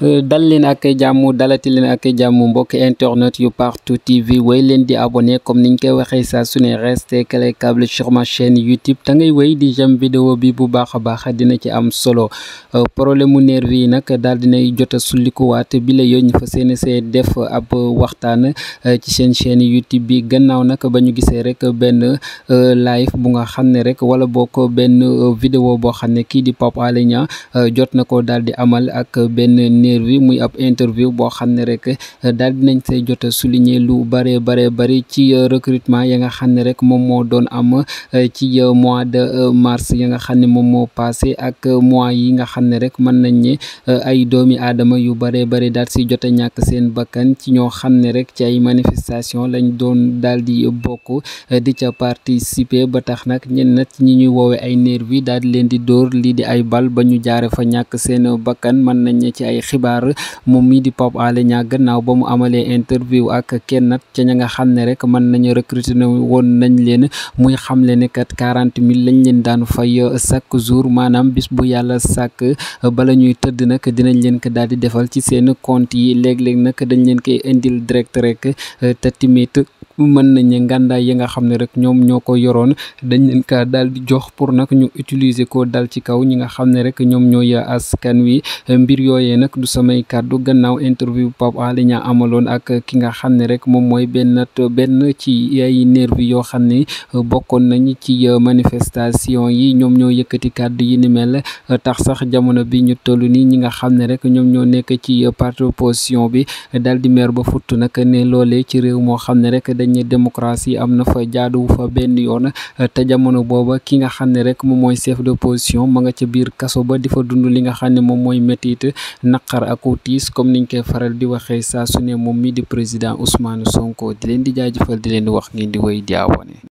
Euh, dal leen ak jàmm dalati leen ak jàmm mbokk internet yu partout TV way leen di abone comme niñ koy waxee sa su ne resté clé câble sur ma chaîne YouTube te ngay wéy di jëm vidéo bi bu baax a baax dina ci am solo euh, problème mu nervi yi nag daal dinay jot a sullikuwaat bi la ñu fa seen see def ab waxtaan euh, ci seen chaîne YouTube bi gannaaw nag ba ñu gisee rek benn live bu nga xam ne rek wala boo ko benn vidéo boo xam ne kii di Pape Alé jot na ko dal di amal ak benn première bi muy ab interview boo xam ne rek eh, daal nañ say jot a souligner lu bare bare bari ci eh, recrutement ya nga xam ne rek moom moo doon am eh, ci mois de mars ya nga xam ne moom moo passé ak mois yi nga xam ne rek mën nañ ne ay doomi aadama yu bare bari daal si jot a ñàkk seen bakkan ci ñoo xam ne rek ci ay manifestation lañ doon dal di bokk di ca participer ba tax nag ñenn nag ñi ñuy woowe ay nervi daal di leen di dóor lii di ay bal ba ñu fa ñàkk seen xibaar moom mii di Pape Alé gannaaw ba mu amalee interview ak kenn ca ña nga xam ne rek mën nañu recruter ne woon nañ leen muy xamle ne kat quarante mille lañ leen daan fay chaque jour maanaam bis bu yàlla sàkk bala ñuy tëdd nag dinañ leen ko daal di defal ci seen compte yi léeg-léeg nag dañ leen koy indil direct rek te timit mën nañ ngàndaay yi nga xam ne rek ñoom ñoo ko yoroon dañ leen ka daal di jox pour nag ñu utiliser ko dal ci kaw ñi nga xam ne rek ñoom ñooy askan wi mbir yooyee nag du samay kàddu gannaaw interview Pape Alé Niang amaloon ak ki nga xam ne rek moom mooy benn benn ci ay nervi yoo xam ne bokkoon nañ ci manifestation yi ñoom ñoo yëkkati kàddu yi ni mel tax sax jamono bi ñu toll nii ñi nga xam ne rek ñoom ñoo nekk ci parti opposition bi dal di mer ba futt nag ne loolee ci réew moo xam ne rek ne démocratie am na fa jaaduwu fa benn yoon te jamono booba ki nga xam ne rek moom mooy chef de position ma nga ca biir kaso ba di fa dund li nga xam ne moom mooy métit naqar ak tiis comme niñ koy faral di waxee saa su moom mi di président Ousmane Sonko di leen di jaajëfal di leen di wax ngeen di woy di awane